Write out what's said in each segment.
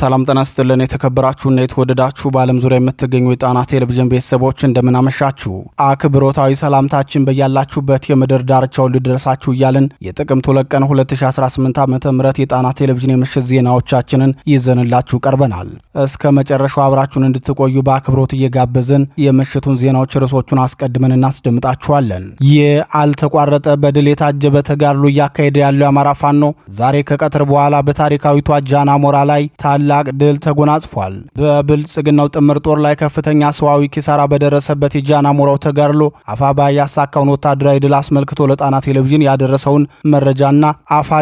ሰላም ጤና ይስጥልን የተከበራችሁና የተወደዳችሁ በዓለም ዙሪያ የምትገኙ የጣና ቴሌቪዥን ቤተሰቦች እንደምናመሻችሁ አክብሮታዊ ሰላምታችን በያላችሁበት የምድር ዳርቻውን ልደረሳችሁ እያልን የጥቅምት ሁለት ቀን 2018 ዓ ም የጣና ቴሌቪዥን የምሽት ዜናዎቻችንን ይዘንላችሁ ቀርበናል። እስከ መጨረሻው አብራችሁን እንድትቆዩ በአክብሮት እየጋበዝን የምሽቱን ዜናዎች ርዕሶቹን አስቀድመን እናስደምጣችኋለን። አልተቋረጠ በድል የታጀበ ተጋድሎ እያካሄደ ያለው የአማራ ፋኖ ዛሬ ከቀትር በኋላ በታሪካዊቷ ጃና ሞራ ላይ ታላ ታላቅ ድል ተጎናጽፏል። በብልጽግናው ጥምር ጦር ላይ ከፍተኛ ሰዋዊ ኪሳራ በደረሰበት የጃና ሞራው ተጋድሎ አፋባ ያሳካውን ወታደራዊ ድል አስመልክቶ ለጣና ቴሌቪዥን ያደረሰውን መረጃና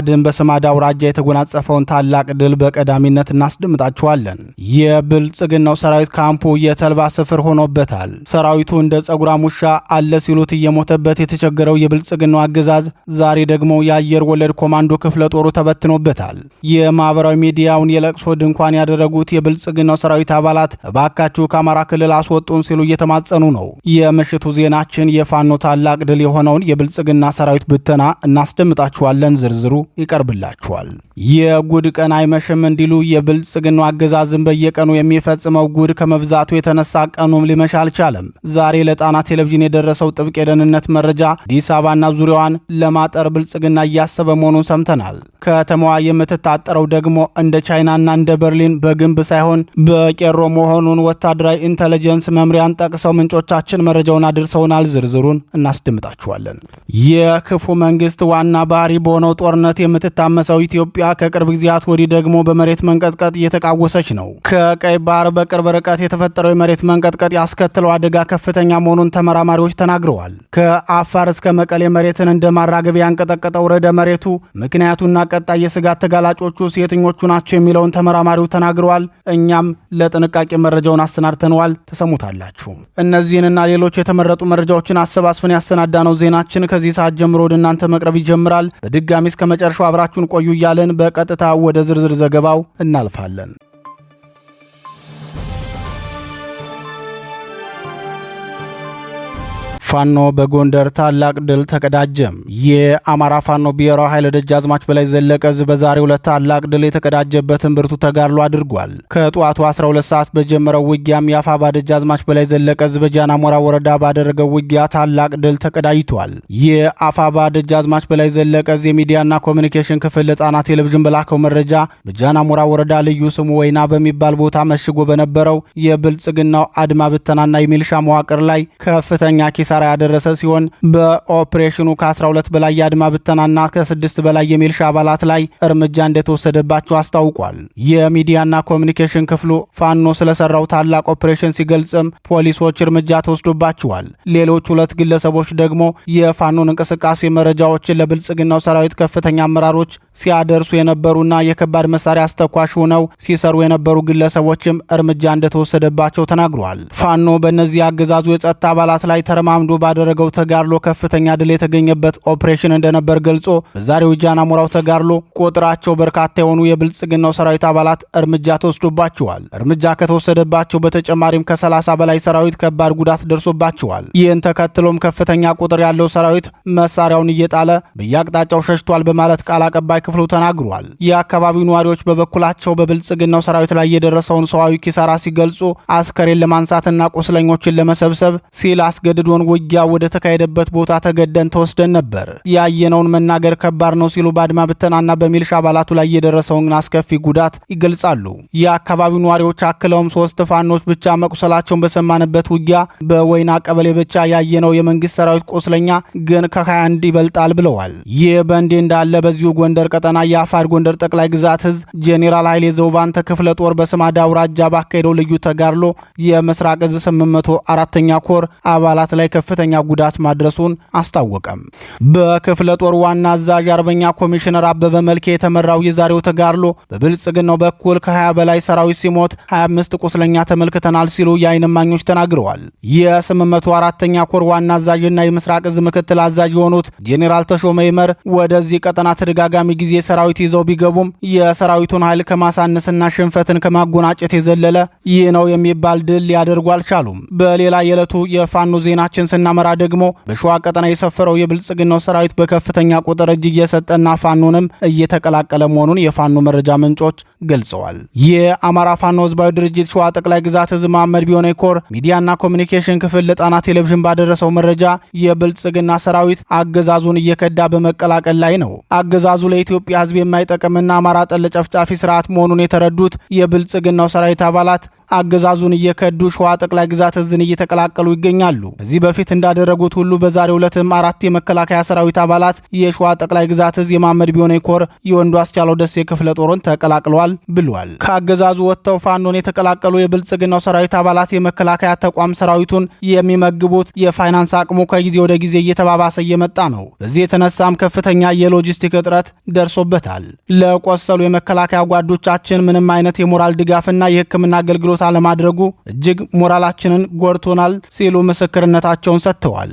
ድን በስማዳ አውራጃ የተጎናጸፈውን ታላቅ ድል በቀዳሚነት እናስደምጣችኋለን። የብልጽግናው ሰራዊት ካምፑ የተልባ ስፍር ሆኖበታል። ሰራዊቱ እንደ ጸጉራም ውሻ አለ ሲሉት እየሞተበት የተቸገረው የብልጽግናው አገዛዝ ዛሬ ደግሞ የአየር ወለድ ኮማንዶ ክፍለ ጦሩ ተበትኖበታል። የማህበራዊ ሚዲያውን የለቅሶ ድንኳ እንኳን ያደረጉት የብልጽግናው ሰራዊት አባላት እባካችሁ ከአማራ ክልል አስወጡን ሲሉ እየተማጸኑ ነው። የምሽቱ ዜናችን የፋኖ ታላቅ ድል የሆነውን የብልጽግና ሰራዊት ብተና እናስደምጣችኋለን። ዝርዝሩ ይቀርብላችኋል። የጉድ ቀን አይመሽም እንዲሉ የብልጽግናው አገዛዝን በየቀኑ የሚፈጽመው ጉድ ከመብዛቱ የተነሳ ቀኑም ሊመሽ አልቻለም። ዛሬ ለጣና ቴሌቪዥን የደረሰው ጥብቅ የደህንነት መረጃ አዲስ አበባና ዙሪያዋን ለማጠር ብልጽግና እያሰበ መሆኑን ሰምተናል። ከተማዋ የምትታጠረው ደግሞ እንደ ቻይናና እንደ በ በርሊን በግንብ ሳይሆን በቄሮ መሆኑን ወታደራዊ ኢንተለጀንስ መምሪያን ጠቅሰው ምንጮቻችን መረጃውን አድርሰውናል። ዝርዝሩን እናስደምጣችኋለን። የክፉ መንግስት ዋና ባህሪ በሆነው ጦርነት የምትታመሰው ኢትዮጵያ ከቅርብ ጊዜያት ወዲህ ደግሞ በመሬት መንቀጥቀጥ እየተቃወሰች ነው። ከቀይ ባህር በቅርብ ርቀት የተፈጠረው የመሬት መንቀጥቀጥ ያስከትለው አደጋ ከፍተኛ መሆኑን ተመራማሪዎች ተናግረዋል። ከአፋር እስከ መቀሌ መሬትን እንደ ማራገቢያ ያንቀጠቀጠው ረደ መሬቱ ምክንያቱና ቀጣይ የስጋት ተጋላጮቹ የትኞቹ ናቸው የሚለውን ተመራማሪ ተመራማሪው ተናግረዋል። እኛም ለጥንቃቄ መረጃውን አሰናድተነዋል። ተሰሙታላችሁ። እነዚህንና ሌሎች የተመረጡ መረጃዎችን አሰባስበን ያሰናዳነው ዜናችን ከዚህ ሰዓት ጀምሮ ወደ እናንተ መቅረብ ይጀምራል። በድጋሚ እስከ መጨረሻው አብራችሁን ቆዩ እያለን በቀጥታ ወደ ዝርዝር ዘገባው እናልፋለን። ፋኖ በጎንደር ታላቅ ድል ተቀዳጀም የአማራ ፋኖ ብሔራዊ ኃይል ደጃዝማች በላይ ዘለቀ ዕዝ በዛሬው ዕለት ታላቅ ድል የተቀዳጀበትን ብርቱ ተጋድሎ አድርጓል። ከጠዋቱ 12 ሰዓት በጀመረው ውጊያም የአፋባ ደጃዝማች በላይ ዘለቀ ዕዝ በጃናሞራ ወረዳ ባደረገው ውጊያ ታላቅ ድል ተቀዳጅቷል። የአፋባ ደጃዝማች በላይ ዘለቀ ዕዝ የሚዲያና ኮሚኒኬሽን ክፍል ለጣና ቴሌቪዥን በላከው መረጃ በጃናሞራ ወረዳ ልዩ ስሙ ወይና በሚባል ቦታ መሽጎ በነበረው የብልጽግናው አድማ ብተናና የሚልሻ መዋቅር ላይ ከፍተኛ ኪሳ ኪሳራ ያደረሰ ሲሆን በኦፕሬሽኑ ከ12 በላይ የአድማ ብተናና ከ6 በላይ የሚልሻ አባላት ላይ እርምጃ እንደተወሰደባቸው አስታውቋል። የሚዲያና ኮሚኒኬሽን ክፍሉ ፋኖ ስለሰራው ታላቅ ኦፕሬሽን ሲገልጽም ፖሊሶች እርምጃ ተወስዶባቸዋል። ሌሎች ሁለት ግለሰቦች ደግሞ የፋኖን እንቅስቃሴ መረጃዎችን ለብልጽግናው ሰራዊት ከፍተኛ አመራሮች ሲያደርሱ የነበሩና የከባድ መሳሪያ አስተኳሽ ሆነው ሲሰሩ የነበሩ ግለሰቦችም እርምጃ እንደተወሰደባቸው ተናግሯል። ፋኖ በእነዚህ አገዛዙ የጸጥታ አባላት ላይ ተረማምዶ በራውንዱ ባደረገው ተጋድሎ ከፍተኛ ድል የተገኘበት ኦፕሬሽን እንደነበር ገልጾ በዛሬው ሞራው ተጋድሎ ቁጥራቸው በርካታ የሆኑ የብልጽግናው ሰራዊት አባላት እርምጃ ተወስዶባቸዋል። እርምጃ ከተወሰደባቸው በተጨማሪም ከ30 በላይ ሰራዊት ከባድ ጉዳት ደርሶባቸዋል። ይህን ተከትሎም ከፍተኛ ቁጥር ያለው ሰራዊት መሳሪያውን እየጣለ በየአቅጣጫው ሸሽቷል በማለት ቃል አቀባይ ክፍሉ ተናግሯል። የአካባቢው ነዋሪዎች በበኩላቸው በብልጽግናው ሰራዊት ላይ የደረሰውን ሰዋዊ ኪሳራ ሲገልጹ አስከሬን ለማንሳትና ቁስለኞችን ለመሰብሰብ ሲል አስገድዶን ውጊያ ወደ ተካሄደበት ቦታ ተገደን ተወስደን ነበር። ያየነውን መናገር ከባድ ነው ሲሉ በአድማ ብተናና በሚልሻ አባላቱ ላይ የደረሰውን አስከፊ ጉዳት ይገልጻሉ። የአካባቢው ነዋሪዎች አክለውም ሶስት ፋኖች ብቻ መቁሰላቸውን በሰማንበት ውጊያ በወይና ቀበሌ ብቻ ያየነው የመንግስት ሰራዊት ቁስለኛ ግን ከ21 ይበልጣል ብለዋል። ይህ በእንዴ እንዳለ በዚሁ ጎንደር ቀጠና የአፋድ ጎንደር ጠቅላይ ግዛት ህዝ ጄኔራል ኃይሌ ዘውባንተ ክፍለ ጦር በስማዳ አውራጃ ባካሄደው ልዩ ተጋድሎ የምስራቅ እዝ 804ኛ ኮር አባላት ላይ ከፍ ከፍተኛ ጉዳት ማድረሱን አስታወቀም። በክፍለ ጦር ዋና አዛዥ አርበኛ ኮሚሽነር አበበ መልኬ የተመራው የዛሬው ተጋድሎ በብልጽግናው በኩል ከ20 በላይ ሰራዊት ሲሞት 25 ቁስለኛ ተመልክተናል ሲሉ የአይን እማኞች ተናግረዋል። የ804ኛ ኮር ዋና አዛዥና የምስራቅ እዝ ምክትል አዛዥ የሆኑት ጄኔራል ተሾመ ይመር ወደዚህ ቀጠና ተደጋጋሚ ጊዜ ሰራዊት ይዘው ቢገቡም የሰራዊቱን ኃይል ከማሳነስና ሽንፈትን ከማጎናጨት የዘለለ ይህ ነው የሚባል ድል ሊያደርጉ አልቻሉም። በሌላ የዕለቱ የፋኖ ዜናችን ስናመራ ደግሞ በሸዋ ቀጠና የሰፈረው የብልጽግናው ሰራዊት በከፍተኛ ቁጥር እጅ እየሰጠና ፋኖንም እየተቀላቀለ መሆኑን የፋኖ መረጃ ምንጮች ገልጸዋል። የአማራ ፋኖ ህዝባዊ ድርጅት ሸዋ ጠቅላይ ግዛት ህዝብ መሐመድ ቢሆነ ኮር ሚዲያና ኮሚኒኬሽን ክፍል ለጣና ቴሌቪዥን ባደረሰው መረጃ የብልጽግና ሰራዊት አገዛዙን እየከዳ በመቀላቀል ላይ ነው። አገዛዙ ለኢትዮጵያ ህዝብ የማይጠቅምና አማራ ጠል ጨፍጫፊ ስርዓት መሆኑን የተረዱት የብልጽግናው ሰራዊት አባላት አገዛዙን እየከዱ ሸዋ ጠቅላይ ግዛት እዝን እየተቀላቀሉ ይገኛሉ። ከዚህ በፊት እንዳደረጉት ሁሉ በዛሬው ዕለትም አራት የመከላከያ ሰራዊት አባላት የሸዋ ጠቅላይ ግዛት እዝ የማመድ ቢሆነ ኮር የወንዱ አስቻለው ደሴ ክፍለ ጦርን ተቀላቅለዋል ብሏል። ከአገዛዙ ወጥተው ፋኖን የተቀላቀሉ የብልጽግናው ሰራዊት አባላት የመከላከያ ተቋም ሰራዊቱን የሚመግቡት የፋይናንስ አቅሙ ከጊዜ ወደ ጊዜ እየተባባሰ እየመጣ ነው። በዚህ የተነሳም ከፍተኛ የሎጂስቲክ እጥረት ደርሶበታል። ለቆሰሉ የመከላከያ ጓዶቻችን ምንም አይነት የሞራል ድጋፍና የሕክምና አገልግሎት ችሎታ ለማድረጉ እጅግ ሞራላችንን ጎድቶናል ሲሉ ምስክርነታቸውን ሰጥተዋል።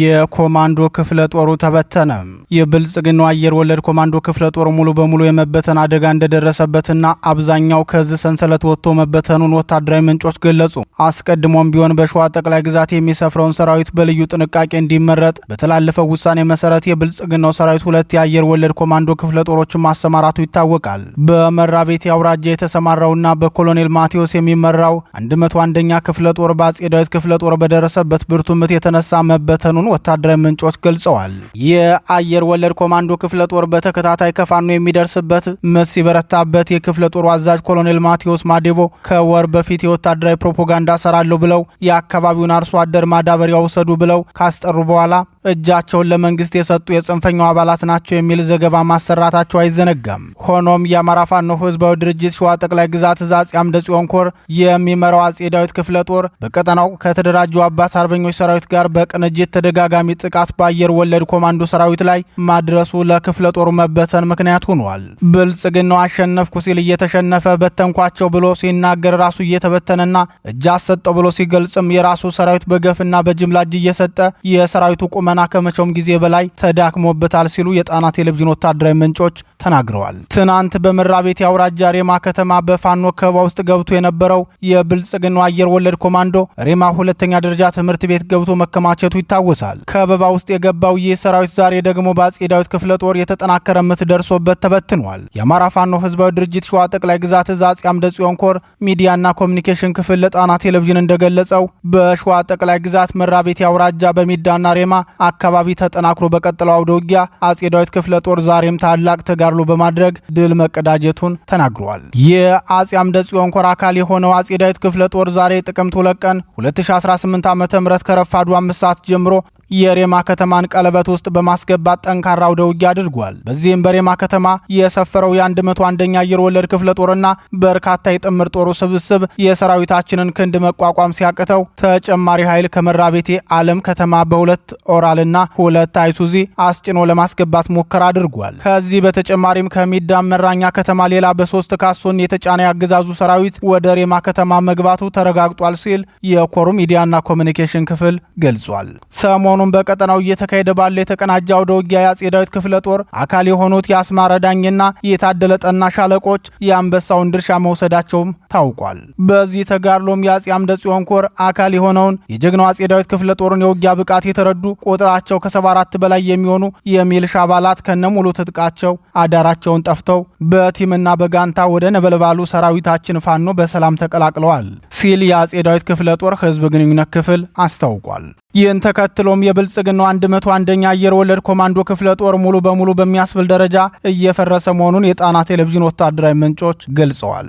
የኮማንዶ ክፍለ ጦሩ ተበተነ። የብልጽግናው አየር ወለድ ኮማንዶ ክፍለ ጦር ሙሉ በሙሉ የመበተን አደጋ እንደደረሰበትና አብዛኛው ከዚህ ሰንሰለት ወጥቶ መበተኑን ወታደራዊ ምንጮች ገለጹ። አስቀድሞም ቢሆን በሸዋ ጠቅላይ ግዛት የሚሰፍረውን ሰራዊት በልዩ ጥንቃቄ እንዲመረጥ በተላለፈው ውሳኔ መሰረት የብልጽግናው ሰራዊት ሁለት የአየር ወለድ ኮማንዶ ክፍለ ጦሮችን ማሰማራቱ ይታወቃል። በመራቤቴ አውራጃ የተሰማራውና በኮሎኔል ማቴዎስ የሚመራው 101ኛ ክፍለ ጦር በአጼ ዳዊት ክፍለ ጦር በደረሰበት ብርቱ ምት የተነሳ መበተኑ መበተኑን ወታደራዊ ምንጮች ገልጸዋል። የአየር ወለድ ኮማንዶ ክፍለ ጦር በተከታታይ ከፋኖ የሚደርስበት ምት ሲበረታበት የክፍለ ጦሩ አዛዥ ኮሎኔል ማቴዎስ ማዴቦ ከወር በፊት የወታደራዊ ፕሮፓጋንዳ ሰራለሁ ብለው የአካባቢውን አርሶ አደር ማዳበሪያ ውሰዱ ብለው ካስጠሩ በኋላ እጃቸውን ለመንግስት የሰጡ የጽንፈኛው አባላት ናቸው የሚል ዘገባ ማሰራታቸው አይዘነጋም። ሆኖም የአማራ ፋኖ ህዝባዊ ድርጅት ሸዋ ጠቅላይ ግዛት እዝ አጼ አምደ ጽዮን ኮር የሚመራው አጼ ዳዊት ክፍለ ጦር በቀጠናው ከተደራጁ አባት አርበኞች ሰራዊት ጋር በቅንጅት ተደጋጋሚ ጥቃት በአየር ወለድ ኮማንዶ ሰራዊት ላይ ማድረሱ ለክፍለ ጦሩ መበተን ምክንያት ሆኗል። ብልጽግናው አሸነፍኩ ሲል እየተሸነፈ በተንኳቸው ብሎ ሲናገር ራሱ እየተበተነና እጅ አሰጠው ብሎ ሲገልጽም የራሱ ሰራዊት በገፍና በጅምላ እጅ እየሰጠ የሰራዊቱ ቁመ ሻዕቢያና ከመቼውም ጊዜ በላይ ተዳክሞበታል ሲሉ የጣና ቴሌቪዥን ወታደራዊ ምንጮች ተናግረዋል። ትናንት በመራቤቴ አውራጃ ሬማ ከተማ በፋኖ ከበባ ውስጥ ገብቶ የነበረው የብልጽግናው አየር ወለድ ኮማንዶ ሬማ ሁለተኛ ደረጃ ትምህርት ቤት ገብቶ መከማቸቱ ይታወሳል። ከበባ ውስጥ የገባው ይህ ሰራዊት ዛሬ ደግሞ በአጼ ዳዊት ክፍለ ጦር የተጠናከረ ምት ደርሶበት ተበትኗል። የአማራ ፋኖ ህዝባዊ ድርጅት ሸዋ ጠቅላይ ግዛት እዝ አጼ አምደ ጽዮን ኮር ሚዲያና ኮሚኒኬሽን ክፍል ለጣና ቴሌቪዥን እንደገለጸው በሸዋ ጠቅላይ ግዛት መራቤቴ አውራጃ በሚዳና ሬማ አካባቢ ተጠናክሮ በቀጠለው አውደ ውጊያ አጼ ዳዊት ክፍለ ጦር ዛሬም ታላቅ ተጋድሎ በማድረግ ድል መቀዳጀቱን ተናግረዋል። የአጼ አምደ ጽዮን ኮር አካል የሆነው አጼ ዳዊት ክፍለ ጦር ዛሬ ጥቅምት ሁለት ቀን 2018 ዓ ም ከረፋዱ አምስት ሰዓት ጀምሮ የሬማ ከተማን ቀለበት ውስጥ በማስገባት ጠንካራ አውደ ውጊያ አድርጓል። በዚህም በሬማ ከተማ የሰፈረው የ101ኛ አየር ወለድ ክፍለ ጦርና በርካታ የጥምር ጦሩ ስብስብ የሰራዊታችንን ክንድ መቋቋም ሲያቅተው ተጨማሪ ኃይል ከመራቤቴ አለም ከተማ በሁለት ኦራ ሆስፒታልና ሁለት አይሱዚ አስጭኖ ለማስገባት ሙከራ አድርጓል። ከዚህ በተጨማሪም ከሚዳመራኛ ከተማ ሌላ በሶስት ካሶን የተጫነ ያገዛዙ ሰራዊት ወደ ሬማ ከተማ መግባቱ ተረጋግጧል ሲል የኮሩ ሚዲያና ኮሚኒኬሽን ክፍል ገልጿል። ሰሞኑን በቀጠናው እየተካሄደ ባለ የተቀናጀ አውደ ውጊያ የአጼ ዳዊት ክፍለ ጦር አካል የሆኑት የአስማረ ዳኝና የታደለ ጠና ሻለቆች የአንበሳውን ድርሻ መውሰዳቸውም ታውቋል። በዚህ ተጋድሎም የአጼ አምደ ጽዮን ኮር አካል የሆነውን የጀግናው አጼ ዳዊት ክፍለ ጦርን የውጊያ ብቃት የተረዱ ቁጥር ቁጥራቸው ከሰባ አራት በላይ የሚሆኑ የሚልሻ አባላት ከነሙሉ ትጥቃቸው አዳራቸውን ጠፍተው በቲምና በጋንታ ወደ ነበልባሉ ሰራዊታችን ፋኖ በሰላም ተቀላቅለዋል ሲል የአጼ ዳዊት ክፍለ ጦር ህዝብ ግንኙነት ክፍል አስታውቋል። ይህን ተከትሎም የብልጽግናው 101ኛ አየር ወለድ ኮማንዶ ክፍለ ጦር ሙሉ በሙሉ በሚያስብል ደረጃ እየፈረሰ መሆኑን የጣና ቴሌቪዥን ወታደራዊ ምንጮች ገልጸዋል።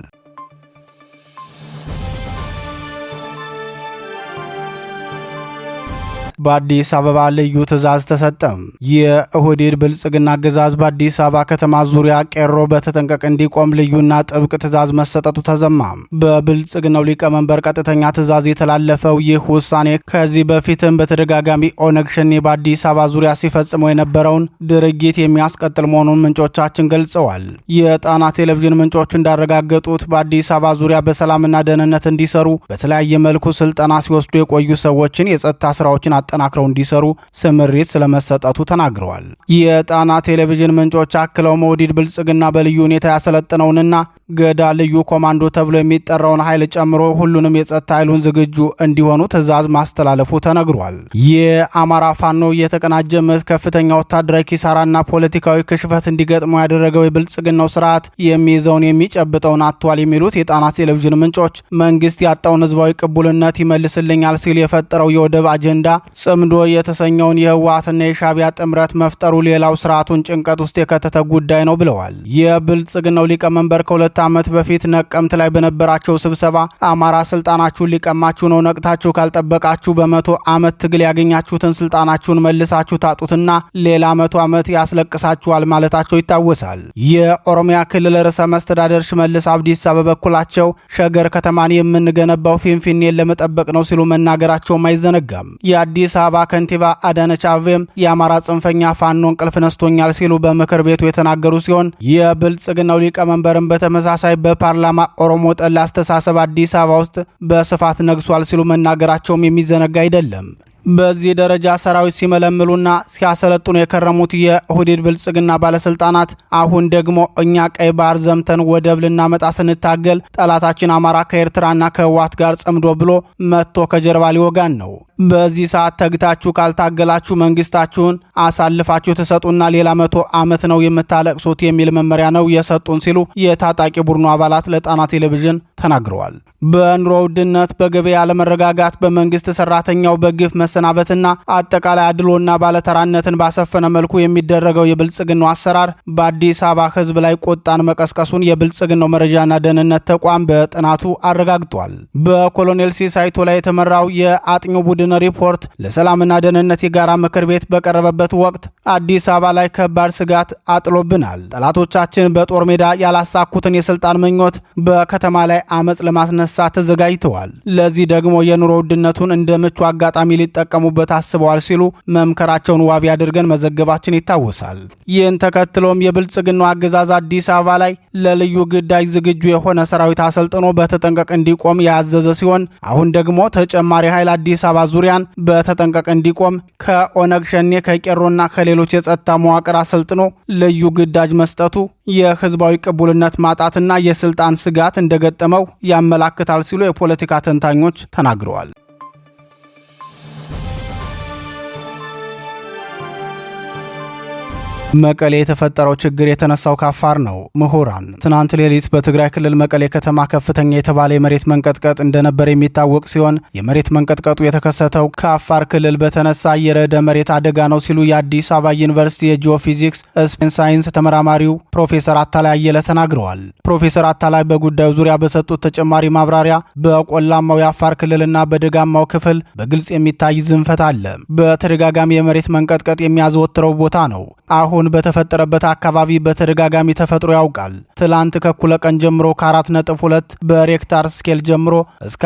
በአዲስ አበባ ልዩ ትዕዛዝ ተሰጠ። የኦህዴድ ብልጽግና አገዛዝ በአዲስ አበባ ከተማ ዙሪያ ቄሮ በተጠንቀቅ እንዲቆም ልዩና ጥብቅ ትዕዛዝ መሰጠቱ ተዘማ። በብልጽግናው ሊቀመንበር ቀጥተኛ ትዕዛዝ የተላለፈው ይህ ውሳኔ ከዚህ በፊትም በተደጋጋሚ ኦነግ ሸኔ በአዲስ አበባ ዙሪያ ሲፈጽመው የነበረውን ድርጊት የሚያስቀጥል መሆኑን ምንጮቻችን ገልጸዋል። የጣና ቴሌቪዥን ምንጮች እንዳረጋገጡት በአዲስ አበባ ዙሪያ በሰላምና ደህንነት እንዲሰሩ በተለያየ መልኩ ስልጠና ሲወስዱ የቆዩ ሰዎችን የጸጥታ ስራዎችን አጠናክረው እንዲሰሩ ስምሪት ስለመሰጠቱ ተናግረዋል። የጣና ቴሌቪዥን ምንጮች አክለው መውዲድ ብልጽግና በልዩ ሁኔታ ያሰለጠነውንና ገዳ ልዩ ኮማንዶ ተብሎ የሚጠራውን ኃይል ጨምሮ ሁሉንም የጸጥታ ኃይሉን ዝግጁ እንዲሆኑ ትዕዛዝ ማስተላለፉ ተነግሯል። የአማራ ፋኖ የተቀናጀ ምት ከፍተኛ ወታደራዊ ኪሳራና ፖለቲካዊ ክሽፈት እንዲገጥመው ያደረገው የብልጽግናው ስርዓት የሚይዘውን የሚጨብጠውን አጥቷል የሚሉት የጣና ቴሌቪዥን ምንጮች መንግስት ያጣውን ህዝባዊ ቅቡልነት ይመልስልኛል ሲል የፈጠረው የወደብ አጀንዳ ጽምዶ የተሰኘውን የህወሓትና የሻቢያ ጥምረት መፍጠሩ ሌላው ስርዓቱን ጭንቀት ውስጥ የከተተ ጉዳይ ነው ብለዋል። የብልጽግናው ሊቀመንበር ከሁለት ዓመት በፊት ነቀምት ላይ በነበራቸው ስብሰባ አማራ ስልጣናችሁን ሊቀማችሁ ነው፣ ነቅታችሁ ካልጠበቃችሁ በመቶ ዓመት ትግል ያገኛችሁትን ስልጣናችሁን መልሳችሁ ታጡትና ሌላ መቶ ዓመት ያስለቅሳችኋል ማለታቸው ይታወሳል። የኦሮሚያ ክልል ርዕሰ መስተዳደር ሽመልስ አብዲሳ በበኩላቸው ሸገር ከተማን የምንገነባው ፊንፊኔን ለመጠበቅ ነው ሲሉ መናገራቸውም አይዘነጋም። የአዲስ የአዲስ አበባ ከንቲባ አዳነች አቤም የአማራ ጽንፈኛ ፋኖ እንቅልፍ ነስቶኛል ሲሉ በምክር ቤቱ የተናገሩ ሲሆን የብልጽግናው ሊቀመንበርን በተመሳሳይ በፓርላማ ኦሮሞ ጠል አስተሳሰብ አዲስ አበባ ውስጥ በስፋት ነግሷል ሲሉ መናገራቸውም የሚዘነጋ አይደለም። በዚህ ደረጃ ሰራዊት ሲመለምሉና ሲያሰለጥኑ የከረሙት የሁዲድ ብልጽግና ባለስልጣናት አሁን ደግሞ እኛ ቀይ ባህር ዘምተን ወደብ ልናመጣ ስንታገል ጠላታችን አማራ ከኤርትራና ከህወሓት ጋር ጸምዶ ብሎ መጥቶ ከጀርባ ሊወጋን ነው። በዚህ ሰዓት ተግታችሁ ካልታገላችሁ መንግስታችሁን አሳልፋችሁ ትሰጡና ሌላ መቶ ዓመት ነው የምታለቅሱት የሚል መመሪያ ነው የሰጡን ሲሉ የታጣቂ ቡድኑ አባላት ለጣና ቴሌቪዥን ተናግረዋል። በኑሮ ውድነት፣ በገበያ አለመረጋጋት፣ በመንግስት ሰራተኛው በግፍ መ ማሰናበትና አጠቃላይ አድሎና ባለተራነትን ባሰፈነ መልኩ የሚደረገው የብልጽግናው አሰራር በአዲስ አበባ ህዝብ ላይ ቁጣን መቀስቀሱን የብልጽግናው መረጃና ደህንነት ተቋም በጥናቱ አረጋግጧል። በኮሎኔል ሲሳይቶ ላይ የተመራው የአጥኚ ቡድን ሪፖርት ለሰላምና ደህንነት የጋራ ምክር ቤት በቀረበበት ወቅት አዲስ አበባ ላይ ከባድ ስጋት አጥሎብናል። ጠላቶቻችን በጦር ሜዳ ያላሳኩትን የስልጣን ምኞት በከተማ ላይ አመፅ ለማስነሳት ተዘጋጅተዋል። ለዚህ ደግሞ የኑሮ ውድነቱን እንደ ምቹ አጋጣሚ ሊጠቀ እንዲጠቀሙበት አስበዋል ሲሉ መምከራቸውን ዋቢ አድርገን መዘገባችን ይታወሳል። ይህን ተከትሎም የብልጽግናው አገዛዝ አዲስ አበባ ላይ ለልዩ ግዳጅ ዝግጁ የሆነ ሰራዊት አሰልጥኖ በተጠንቀቅ እንዲቆም ያዘዘ ሲሆን አሁን ደግሞ ተጨማሪ ኃይል አዲስ አበባ ዙሪያን በተጠንቀቅ እንዲቆም ከኦነግ ሸኔ ከቄሮና ከሌሎች የጸጥታ መዋቅር አሰልጥኖ ልዩ ግዳጅ መስጠቱ የህዝባዊ ቅቡልነት ማጣትና የስልጣን ስጋት እንደገጠመው ያመላክታል ሲሉ የፖለቲካ ተንታኞች ተናግረዋል። መቀሌ የተፈጠረው ችግር የተነሳው ከአፋር ነው። ምሁራን ትናንት ሌሊት በትግራይ ክልል መቀሌ ከተማ ከፍተኛ የተባለ የመሬት መንቀጥቀጥ እንደነበር የሚታወቅ ሲሆን የመሬት መንቀጥቀጡ የተከሰተው ከአፋር ክልል በተነሳ የረደ መሬት አደጋ ነው ሲሉ የአዲስ አበባ ዩኒቨርሲቲ የጂኦፊዚክስ ስፔን ሳይንስ ተመራማሪው ፕሮፌሰር አታላይ አየለ ተናግረዋል። ፕሮፌሰር አታላይ በጉዳዩ ዙሪያ በሰጡት ተጨማሪ ማብራሪያ በቆላማው የአፋር ክልልና በደጋማው ክፍል በግልጽ የሚታይ ዝንፈት አለ። በተደጋጋሚ የመሬት መንቀጥቀጥ የሚያዘወትረው ቦታ ነው አሁን አሁን በተፈጠረበት አካባቢ በተደጋጋሚ ተፈጥሮ ያውቃል። ትላንት ከኩለ ቀን ጀምሮ ከ ሁለት በሬክታር ስኬል ጀምሮ እስከ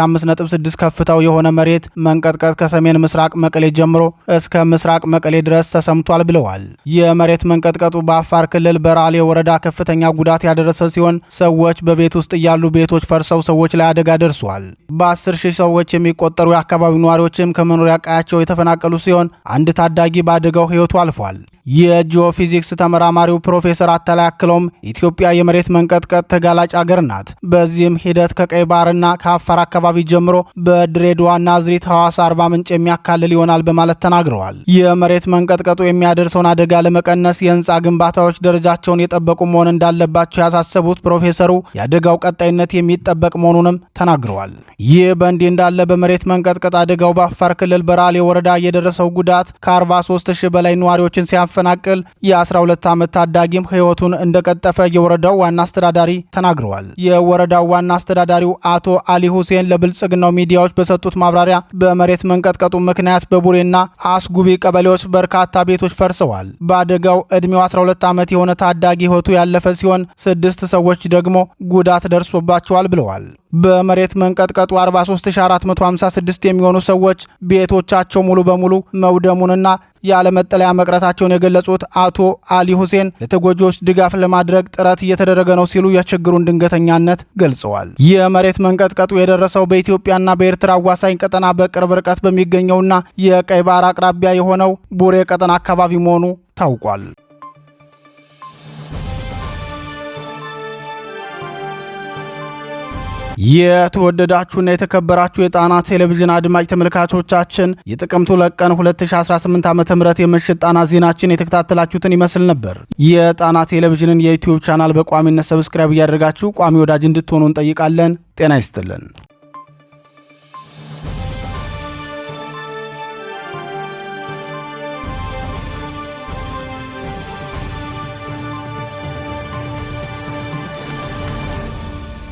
ስድስት ከፍታው የሆነ መሬት መንቀጥቀጥ ከሰሜን ምስራቅ መቀሌ ጀምሮ እስከ ምስራቅ መቀሌ ድረስ ተሰምቷል ብለዋል። የመሬት መንቀጥቀጡ በአፋር ክልል በራሌ ወረዳ ከፍተኛ ጉዳት ያደረሰ ሲሆን ሰዎች በቤት ውስጥ እያሉ ቤቶች ፈርሰው ሰዎች ላይ አደጋ ደርሷል በአስር ሺህ ሰዎች የሚቆጠሩ የአካባቢው ነዋሪዎችም ከመኖሪያ ቀያቸው የተፈናቀሉ ሲሆን አንድ ታዳጊ በአደጋው ሕይወቱ አልፏል። የጂኦፊዚክስ ተመራማሪው ፕሮፌሰር አታላይ አክለውም ኢትዮጵያ የመሬት የመሬት መንቀጥቀጥ ተጋላጭ አገር ናት። በዚህም ሂደት ከቀይ ባህርና ከአፋር አካባቢ ጀምሮ በድሬዳዋ፣ ዝሪት ሐዋሳ፣ አርባ ምንጭ የሚያካልል ይሆናል በማለት ተናግረዋል። የመሬት መንቀጥቀጡ የሚያደርሰውን አደጋ ለመቀነስ የህንፃ ግንባታዎች ደረጃቸውን የጠበቁ መሆን እንዳለባቸው ያሳሰቡት ፕሮፌሰሩ የአደጋው ቀጣይነት የሚጠበቅ መሆኑንም ተናግረዋል። ይህ በእንዲህ እንዳለ በመሬት መንቀጥቀጥ አደጋው በአፋር ክልል በራሌ ወረዳ የደረሰው ጉዳት ከ43 ሺህ በላይ ነዋሪዎችን ሲያፈናቅል የ12 ዓመት ታዳጊም ህይወቱን እንደቀጠፈ የወረዳው ዋና አስተዳዳሪ ተናግረዋል። የወረዳው ዋና አስተዳዳሪው አቶ አሊ ሁሴን ለብልጽግናው ሚዲያዎች በሰጡት ማብራሪያ በመሬት መንቀጥቀጡ ምክንያት በቡሬና አስጉቢ ቀበሌዎች በርካታ ቤቶች ፈርሰዋል። በአደጋው ዕድሜው 12 ዓመት የሆነ ታዳጊ ህይወቱ ያለፈ ሲሆን ስድስት ሰዎች ደግሞ ጉዳት ደርሶባቸዋል ብለዋል። በመሬት መንቀጥቀጡ 43456 የሚሆኑ ሰዎች ቤቶቻቸው ሙሉ በሙሉ መውደሙንና ያለመጠለያ መቅረታቸውን የገለጹት አቶ አሊ ሁሴን ለተጎጂዎች ድጋፍ ለማድረግ ጥረት እየተደረገ ነው ሲሉ የችግሩን ድንገተኛነት ገልጸዋል። የመሬት መንቀጥቀጡ የደረሰው በኢትዮጵያና በኤርትራ አዋሳኝ ቀጠና በቅርብ ርቀት በሚገኘውና የቀይ ባህር አቅራቢያ የሆነው ቡሬ ቀጠና አካባቢ መሆኑ ታውቋል። የተወደዳችሁና የተከበራችሁ የጣና ቴሌቪዥን አድማጭ ተመልካቾቻችን የጥቅምቱ ለቀን ቀን 2018 ዓ ም የምሽት ጣና ዜናችን የተከታተላችሁትን ይመስል ነበር። የጣና ቴሌቪዥንን የዩትዩብ ቻናል በቋሚነት ሰብስክራይብ እያደረጋችሁ ቋሚ ወዳጅ እንድትሆኑ እንጠይቃለን። ጤና ይስጥልን።